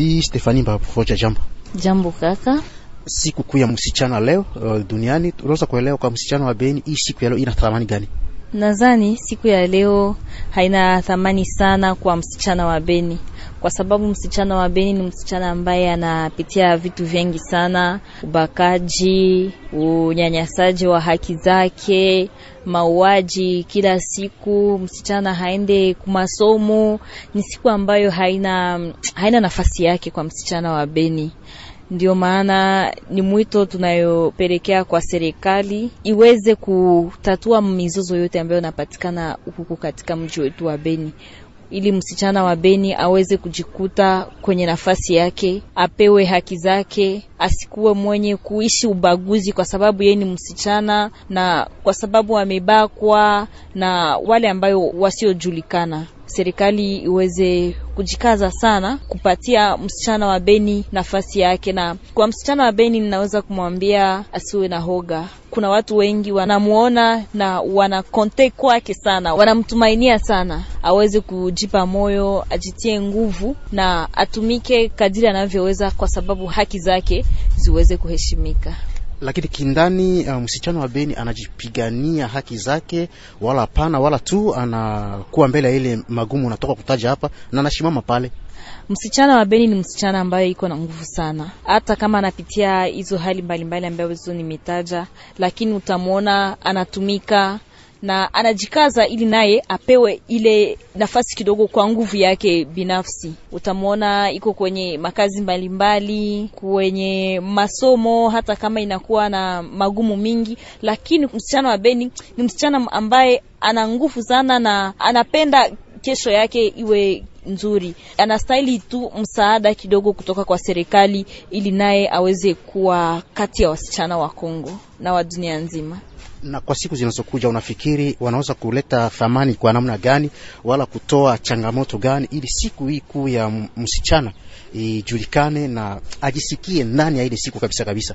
Bi Stefani Mbapofoja, jambo. Jambo kaka. Siku kuu ya msichana leo uh, duniani, tunaweza kuelewa kwa msichana wa Beni hii siku ya leo ina thamani gani? Nadhani siku ya leo haina thamani sana kwa msichana wa Beni, kwa sababu msichana wa Beni ni msichana ambaye anapitia vitu vingi sana: ubakaji, unyanyasaji wa haki zake, mauaji kila siku. Msichana haende kumasomo, ni siku ambayo haina haina nafasi yake kwa msichana wa Beni. Ndio maana ni mwito tunayopelekea kwa serikali iweze kutatua mizozo yote ambayo inapatikana huku katika mji wetu wa Beni ili msichana wa Beni aweze kujikuta kwenye nafasi yake, apewe haki zake, asikuwe mwenye kuishi ubaguzi kwa sababu yeye ni msichana na kwa sababu amebakwa na wale ambayo wasiojulikana serikali iweze kujikaza sana kupatia msichana wa Beni nafasi yake. Na kwa msichana wa Beni ninaweza kumwambia asiwe na hoga. Kuna watu wengi wanamuona na wana konte kwake sana, wanamtumainia sana, aweze kujipa moyo, ajitie nguvu na atumike kadiri anavyoweza, kwa sababu haki zake ziweze kuheshimika lakini kindani uh, msichana wa Beni anajipigania haki zake, wala hapana wala tu anakuwa mbele ya ile magumu natoka kutaja hapa na anashimama pale. Msichana wa Beni ni msichana ambaye iko na nguvu sana, hata kama anapitia hizo hali mbalimbali ambazo nimetaja, lakini utamwona anatumika na anajikaza ili naye apewe ile nafasi kidogo kwa nguvu yake binafsi. Utamwona iko kwenye makazi mbalimbali, kwenye masomo, hata kama inakuwa na magumu mingi, lakini msichana wa Beni ni msichana ambaye ana nguvu sana na anapenda kesho yake iwe nzuri. Anastahili tu msaada kidogo kutoka kwa serikali ili naye aweze kuwa kati ya wasichana wa Kongo na wa dunia nzima na kwa siku zinazokuja unafikiri wanaweza kuleta thamani kwa namna gani, wala kutoa changamoto gani, ili siku hii kuu ya msichana ijulikane na ajisikie ndani ya ile siku kabisa kabisa.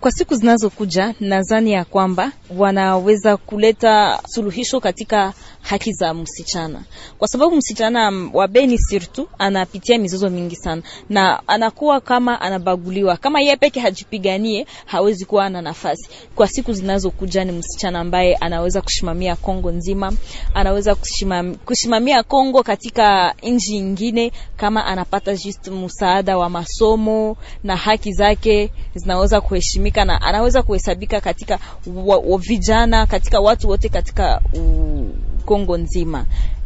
Kwa siku zinazokuja, nadhani ya kwamba wanaweza kuleta suluhisho katika haki za msichana, kwa sababu msichana wa Beni sirtu anapitia mizozo mingi sana, na anakuwa kama anabaguliwa. Kama yeye peke hajipiganie, hawezi kuwa na nafasi. Kwa siku zinazokuja ni msichana ambaye anaweza kushimamia Kongo nzima, anaweza kushimam, kushimamia Kongo katika nchi nyingine, kama anapata just msaada wa masomo na haki zake zinaweza kuheshimika, na anaweza kuhesabika katika wa, wa vijana, katika watu wote, katika u, Kongo nzima.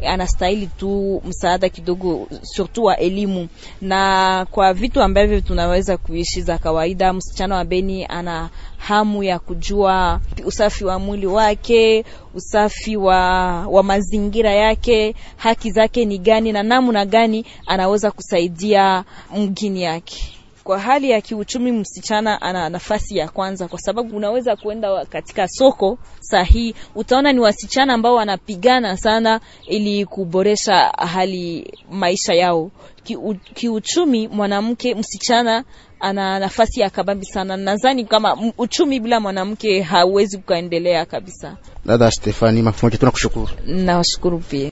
Anastahili tu msaada kidogo, surtout wa elimu na kwa vitu ambavyo tunaweza kuishi za kawaida. Msichana wa Beni ana hamu ya kujua usafi wa mwili wake, usafi wa, wa mazingira yake, haki zake ni gani na namna gani anaweza kusaidia mgini yake kwa hali ya kiuchumi, msichana ana nafasi ya kwanza, kwa sababu unaweza kuenda katika soko sahihi, utaona ni wasichana ambao wanapigana sana ili kuboresha hali maisha yao kiuchumi. Mwanamke msichana ana nafasi ya kabambi sana. Nadhani kama uchumi bila mwanamke hauwezi kukaendelea kabisa. Dada Stefani Mafumo, tunakushukuru. Nawashukuru pia.